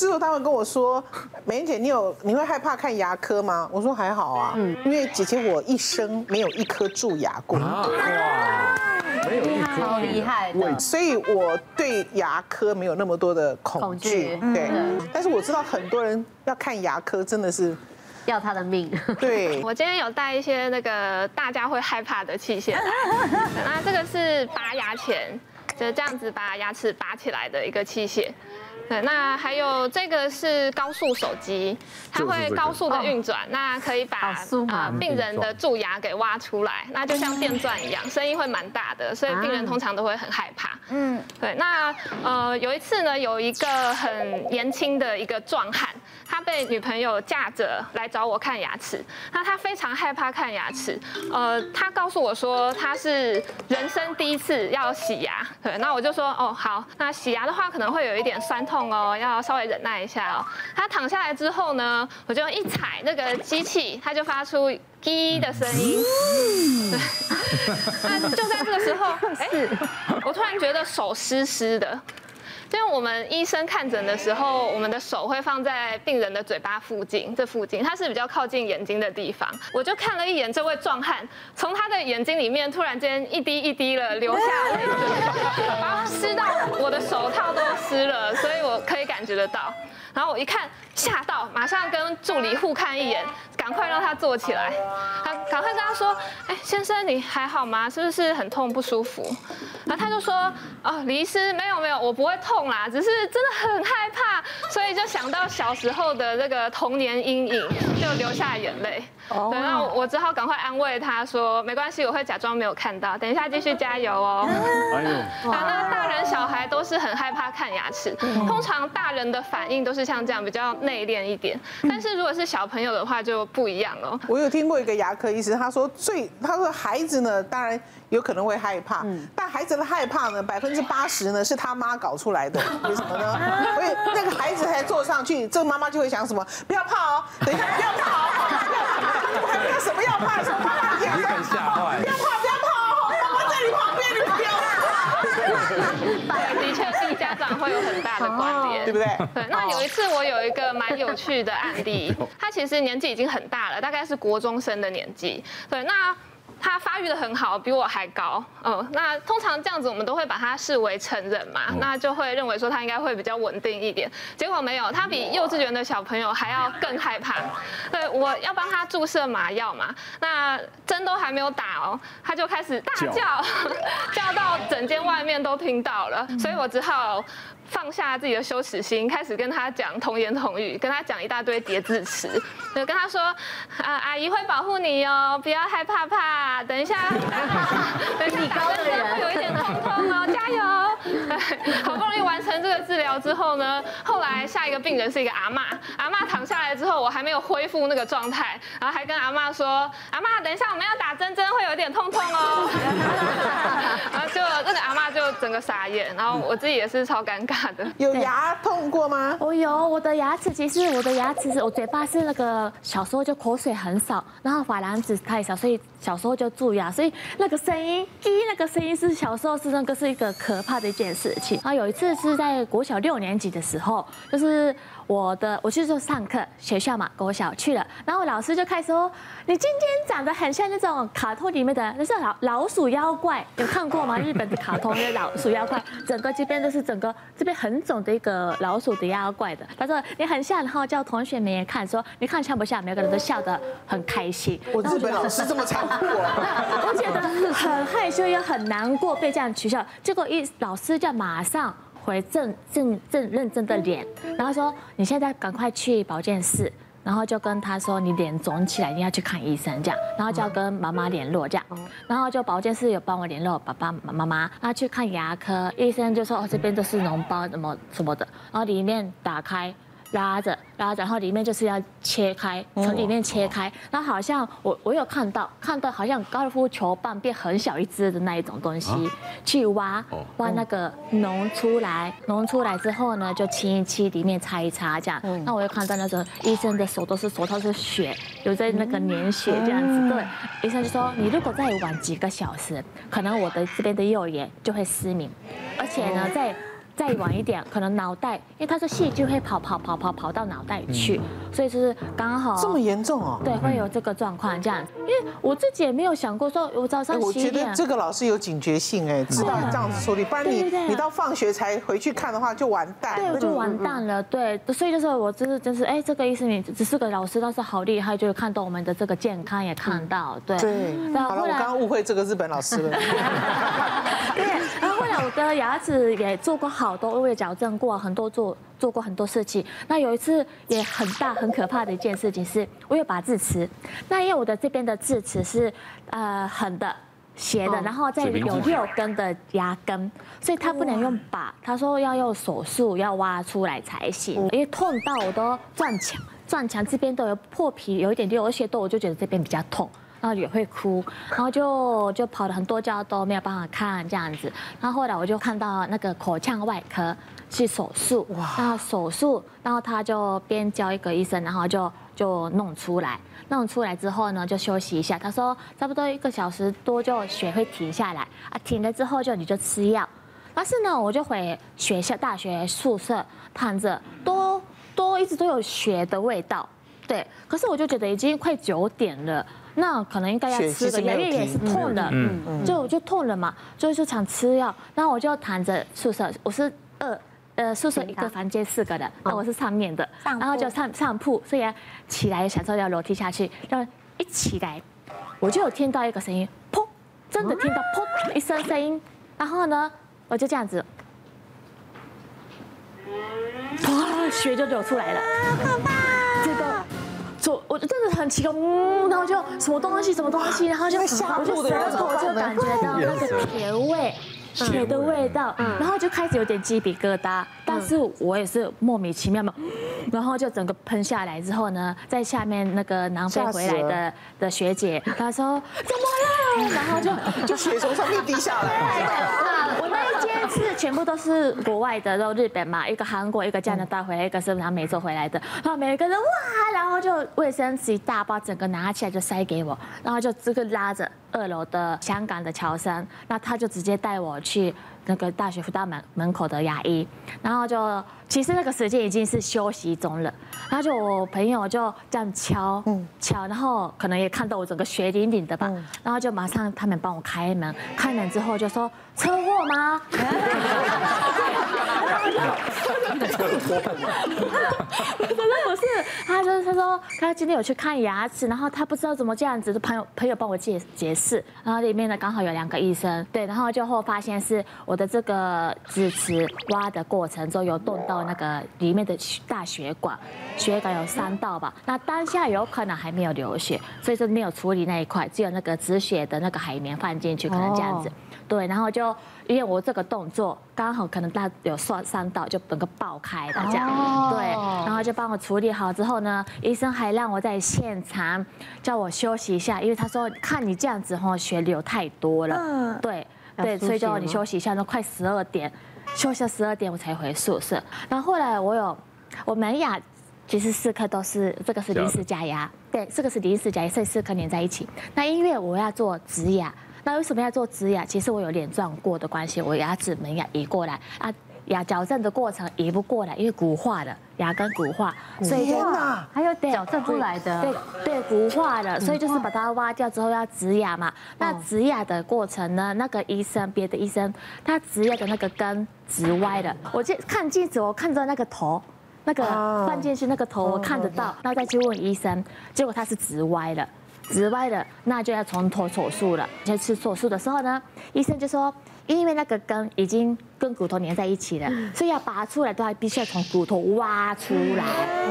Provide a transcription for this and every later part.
之後他們跟我說，美人姐，你有你會害怕看牙科嗎？我說還好啊，嗯、因為姐姐我一生沒有一顆蛀牙過。哇，沒有一顆，超厲害，所以我對牙科沒有那麼多的恐懼。對，但是我知道很多人要看牙科真的是要他的命。對，我今天有帶一些那個大家會害怕的器械，那這個是拔牙鉗，就這樣子把牙齒拔起來的一個器械，對，那還有這個是高速手機，它會高速的運轉，那可以把啊、呃、病人的蛀牙給挖出來，那就像電鑽一樣，聲音會蠻大的，所以病人通常都會很害怕，嗯，嗯，對，那呃有一次呢，有一個很年輕的一個壯漢。他被女朋友架着來找我看牙齒，那他非常害怕看牙齒，呃，他告訴我說他是人生第一次要洗牙，對，那我就說哦、喔、好，那洗牙的話可能會有一點痠痛哦、喔，要稍微忍耐一下哦。他躺下來之後呢，我就一踩那個機器，他就發出滴的聲音，那、嗯、對 但就在這個時候，哎，我突然覺得手濕濕的。因為我們醫生看診的時候，我們的手會放在病人的嘴巴附近，這附近它是比較靠近眼睛的地方。我就看了一眼這位壯漢，從他的眼睛裡面突然間一滴一滴的流下來，然後濕到我的手套都濕了，所以我可以感覺得到。然後我一看，嚇到，馬上跟助理互看一眼，趕快讓他坐起來，啊，趕快跟他說，哎、欸，先生，你還好嗎？是不是很痛不舒服？然後他就說，哦，李醫師，沒有沒有，我不會痛啦，只是真的很害怕，所以就想到小時候的那個童年陰影，就流下眼淚。然後我只好趕快安慰他說：“沒關係，我會假裝沒有看到。等一下繼續加油哦。啊”哎呦、啊，那大人小孩都是很害怕看牙齒。通常大人的反應都是像這樣比較內斂一點，但是如果是小朋友的話就不一樣哦。我有聽過一個牙科醫生，他說，最他說，孩子呢，當然有可能會害怕，但孩子的害怕呢，百分之八十呢是他媽搞出來的。為什麼呢？因為那個孩子才坐上去，這個媽媽就會想什麼：不要怕哦，等一下不要怕哦。什麼要怕什麼怕嚇壞，不要怕，不要怕，我我在你旁邊，好你不要怕。對，的確是家長會有很大的觀點，對不好、哦、對？好哦、對，那有一次我有一個蠻有趣的案例，他其實年紀已經很大了，大概是國中生的年紀。對，那。他發育得很好，比我還高。嗯，那通常這樣子，我們都會把他視為成人嘛，那就會認為說他應該會比較穩定一點。結果沒有，他比幼稚園的小朋友還要更害怕。對，我要幫他注射麻藥嘛，那針都還沒有打哦，他就開始大叫，叫到整間外面都聽到了，所以我只好。放下自己的羞恥心，開始跟他講童言童語，跟他講一大堆疊字詞，就跟他說：“啊，阿姨會保護你哦，不要害怕怕。等啊”等一下，等一下，打針會有一點痛痛哦，加油。好不容易完成這個治療之後呢，後來下一個病人是一個阿嬤，阿嬤躺下來之後，我還沒有恢復那個狀態，然後還跟阿嬤說：“阿嬤，等一下我們要打針，針會有點痛痛哦、喔。” 然後就那、這個阿嬤就整個傻眼，然後我自己也是超尷尬的。有牙痛過嗎？我有，我的牙齒其實我的牙齒，是我嘴巴是那個小時候就口水很少，然後珐琅質太少，所以小時候就蛀牙、啊，所以那個聲音一，那個聲音是小時候是那個是一個可怕的。件事情啊，有一次是在國小六年級的時候，就是。我的我去做上課，學校嘛，國小去了，然後我老師就開始說：“你今天長得很像那種卡通裡面的，那是老老鼠妖怪，有看過嗎？日本的卡通的老鼠妖怪，整個這邊都是整個這邊很腫的一個老鼠的妖怪的。”他說：“你很像，然後叫同學們也看，說你看像不像？”每個人都笑得很開心。我日本老師這麼殘酷，我覺得很害羞也很難過被這樣取笑。結果一老師叫馬上。回正正正認真的臉，然後說你現在趕快去保健室，然後就跟他說你臉腫起來，你要去看醫生這樣，然後就要跟媽媽聯絡這樣，然後就保健室有幫我聯絡爸爸媽媽，媽，他去看牙科醫生就說哦這邊都是膿包什麼什麼的，然後裡面打開。拉着，拉，然後裡面就是要切開，從裡面切開。那、哦、好像我我有看到，看到好像高爾夫球棒變很小一隻的那一種東西，啊、去挖挖那個膿出來，膿出來之後呢，就清一清裡面擦一擦這樣。那、嗯、我有看到那種、個、醫生的手都是手都是血，有在那個粘血這樣子。對，醫生就說你如果再晚幾個小時，可能我的這邊的右眼就會失明，而且呢在。再晚一點，可能腦袋，因為它是細菌，就會跑跑跑跑跑到腦袋裡去，所以就是剛好這麼嚴重哦、喔，對，會有這個狀況這樣，因為我自己也沒有想過說我早上、欸，我覺得這個老師有警覺性哎、欸，知道對這樣子處理，不然你對對對，你到放學才回去看的話就完蛋，對，就完蛋了。對，所以就是我就是就是哎，這個意思你，你只是個老師倒是好厲害，就是看到我們的這個健康也看到，對。對對，好了，我剛剛誤會這個日本老師了。 我的牙齒也做過好多，我也矯正過很多做，做做過很多事情。那有一次也很大很可怕的一件事情是，我有拔智齒，那因為我的這邊的智齒是呃橫的、斜的，然後再有六根的牙根，所以他不能用拔，他說要用手術要挖出來才行，因為痛到我都撞牆，撞牆這邊都有破皮，有一點有一些痘，都我就覺得這邊比較痛。然後也會哭，然後就就跑了很多家都沒有辦法看這樣子，然後後來我就看到那個口腔外科去手術，然後那哇手術，然後他就邊教一個醫生，然後就就弄出來，弄出來之後呢就休息一下，他說差不多一個小時多就血會停下來，啊停了之後就你就吃藥，但是呢我就回學校大學宿舍躺着多，都都一直都有血的味道，對，可是我就覺得已經快九點了。那可能應該要吃個，因為也是痛的，嗯，嗯就我、嗯、就痛了嘛，就、嗯、就想吃藥。嗯、然後我就躺着宿舍，我是二呃宿舍一個房間四個的，那、嗯、我是上面的，鋪然後就上上鋪，所以要起來想說要樓梯下去，然後一起來，我就有聽到一個聲音，砰，真的聽到砰一聲聲音，然後呢我就這樣子，哇，血就流出來了，啊、好棒。我就真的很奇怪，嗯，然後就什麼東西什麼東西，然後就被嚇我就舌頭就感覺到那個甜味，血的味道，嗯、然後就開始有點雞皮疙瘩，但是我也是莫名其妙嘛，然後就整個噴下來之後呢，在下面那個南非回來的的學姐，她說怎麼了？然後就、嗯、就血從上面滴下來。嗯很怕 全部都是國外的，然後日本嘛，一個韓國，一個加拿大回來，一個是南美洲回來的，然後每個人哇，然後就衛生紙一大包，整個拿起來就塞給我，然後就直接拉着二樓的香港的喬生，那他就直接帶我去。那個大學福大門門口的牙醫，然後就其實那個時間已經是休息中了，然後就我朋友就這樣敲，嗯敲，然後可能也看到我整個血淋淋的吧，然後就馬上他們幫我開門，開門之後就說車禍嗎？真的 不是，他就是他說他今天有去看牙齒，然後他不知道怎麼這樣子，朋友朋友幫我解解釋，然後裡面呢，剛好有兩個醫生，對，然後就後發現是我的這個智齒挖的過程中有動到那個裡面的大血管，血管有傷到吧，那當下有可能還沒有流血，所以說沒有處理那一塊，只有那個止血的那個海綿放進去，可能這樣子，Oh. 對，然後就因為我這個動作剛好可能大，有算傷到，就整個爆。開大家，對，然後就幫我處理好之後呢，醫生還讓我在現場叫我休息一下，因為他說，看你這樣子吼、哦，血流太多了，嗯，對對，所以叫我你休息一下，都快十二點，休息十二點我才回宿舍。然後，後來我有，我門牙其實四顆都是，這個是臨時假牙，假對，這個是臨時假牙，所以四顆連在一起。那因為我要做植牙，那為什麼要做植牙？其實我有臉撞過的關係，我牙齒門牙移過來啊。牙矯正的過程移不過來，因為骨化的牙根骨化。天哪！所以還有對，矯正不來的，對對骨化的，所以就是把它挖掉之後要植牙嘛。那植牙的過程呢？那個醫生，別的醫生，他植牙的那個根直歪了。我就看鏡子，我看到那個頭，那個關鍵是那個頭，我看得到。那再去問醫生，結果他是直歪了。之外的，那就要重頭手術了。在吃手術的時候呢，醫生就說，因為那個根已經跟骨頭粘在一起了，嗯、所以要拔出來的話必須要從骨頭挖出來。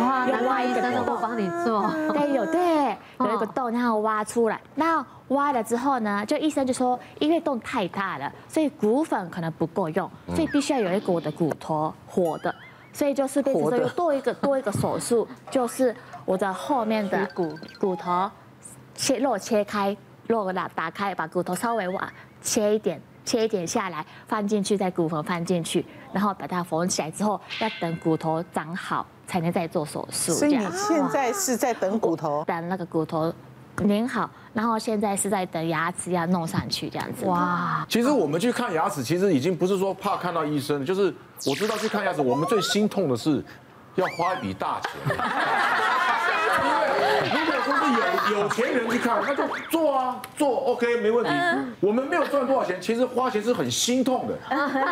哇，那又挖醫生都幫你做？嗯、對，有對，有一個洞，然後挖出來。那挖了之後呢，就醫生就說，因為洞太大了，所以骨粉可能不夠用，所以必須要有一個我的骨頭活的，所以就是變成又多一個的多一個手術，就是我的後面的骨骨頭。切肉切開，肉打打開，把骨頭稍微往切一點，切一點下來，放進去，再骨縫放進去，然後把它縫起來之後，要等骨頭長好才能再做手術。所以你現在是在等骨頭，等那個骨頭粘好，然後現在是在等牙齒要弄上去這樣子。哇，其實我們去看牙齒，其實已經不是說怕看到醫生，就是我知道去看牙齒，我們最心痛的是要花一筆大錢。 有錢人去看，那就做啊做，OK 沒問題。我們沒有賺多少錢，其實花錢是很心痛的。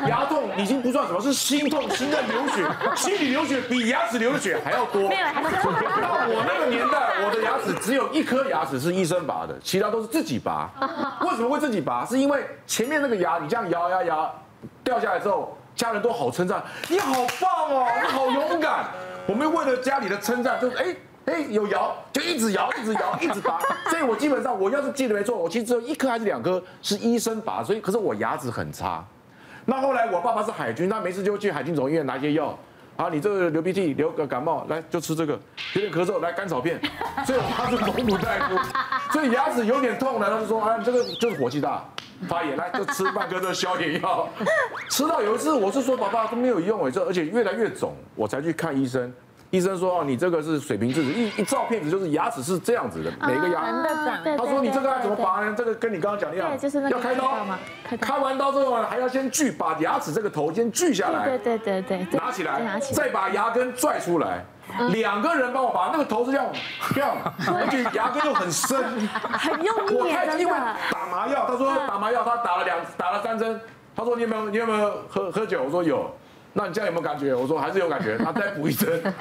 牙痛已經不算什麼，是心痛，心在流血，心裡流血比牙齒流血還要多。到我那個年代，我的牙齒只有一顆牙齒是醫生拔的，其他都是自己拔。為什麼會自己拔？是因為前面那個牙，你這樣搖搖搖，掉下來之後，家人都好稱讚，你好棒哦、啊，你好勇敢。我們為了家裡的稱讚，就哎、是。哎，hey, 有搖就一直搖，一直搖，一直拔，所以我基本上我要是記得沒錯，我其實只有一顆還是兩顆是醫生拔，所以可是我牙齒很差。那後來我爸爸是海軍，那沒事就去海軍總醫院拿一些藥，啊，你這個流鼻涕、流個感冒，來就吃這個；有點咳嗽，來甘草片。所以我爸是蒙古大夫，所以牙齒有點痛然他就說啊，你這個就是火氣大，發炎，來就吃半顆這個消炎藥。吃到有一次，我是說，爸爸都沒有用哎，這而且越來越腫，我才去看醫生。醫生說：“哦，你這個是水平智齒，一一照片子就是牙齒是這樣子的，每一個牙。他說你這個要怎麼拔呢？這個跟你剛剛講一樣，要開刀。開完刀之後還要先鋸，把牙齒這個頭先鋸下來。對對對對，拿起來，再把牙根拽出來。兩個人幫我拔，那個頭是這樣，這樣，而且牙根又很深，很用力。我太興奮，打麻藥。他說打麻藥，他打了兩，打了三針。他說你有沒有，你有沒有喝喝酒？我說有。”那你這樣有沒有感覺？我說還是有感覺。他再補一針，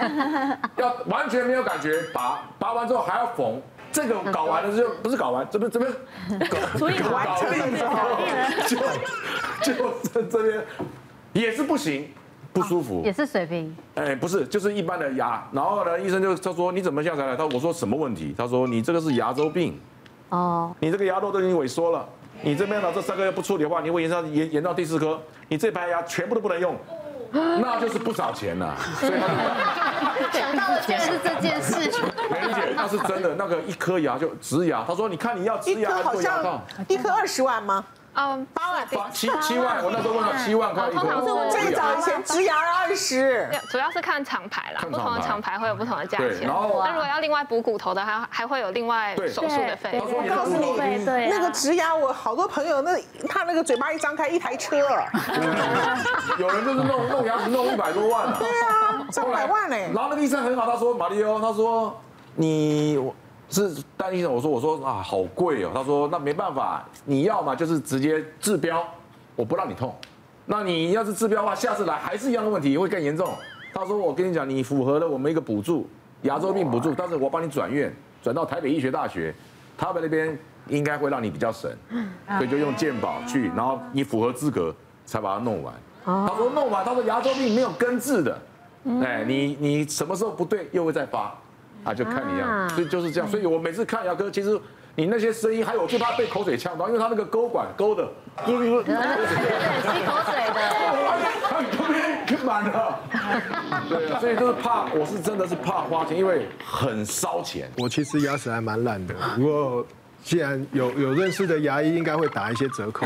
要完全沒有感覺，拔拔完之後還要縫。這個搞完了就不是搞完，這邊這邊，搞以完成就好。就就，就這邊也是不行，不舒服，也是水平。哎，不是，就是一般的牙。然後呢，醫生就他說你怎麼下才來？他說我說什麼問題？他說你這個是牙周病。哦，你這個牙肉都已經萎縮了。你這邊呢，這三個月不處理的話，你會延長延延到第四顆，你這排牙全部都不能用。那就是不少錢吶、啊， 想到的就是這件事情。美人姐，那是真的，那個一顆牙就植牙，他說你看你要植牙好像一顆二十萬嗎？嗯，八萬七七萬，我那時候問了七萬塊多，最早以前植牙二十，主要是看廠牌啦，不同的廠牌會有不同的價錢。然後那如果要另外補骨頭的話，還還會有另外手術的費用。我告訴你，那個植牙我好多朋友，那他那個嘴巴一張開一台車，有人就是弄弄牙齒弄一百多萬，對啊，三百萬呢。然後那個醫生很好，他說：“馬力歐，他說你我。”是戴醫生，我說我說啊，好貴哦。他說那沒辦法，你要嘛就是直接治標，我不讓你痛。那你要是治標的話，下次來還是一樣的問題，會更嚴重。他說我跟你講，你符合了我們一個補助，牙周病補助，但是我幫你轉院，轉到台北醫學大學，他們那邊應該會讓你比較省。嗯。所以就用健保去，然後你符合資格才把它弄完。他說弄完，他說牙周病沒有根治的，哎，你你什麼時候不對又會再發。他就看你一樣，所以就是這樣。所以我每次看牙科，其實你那些聲音，還有我最怕被口水嗆到，因為他那個鈎管鈎的，吸口水的。滿的。對啊，所以就是怕，我是真的是怕花錢，因為很燒錢。我其實牙齒還蠻爛的，不過既然有有認識的牙醫，應該會打一些折扣。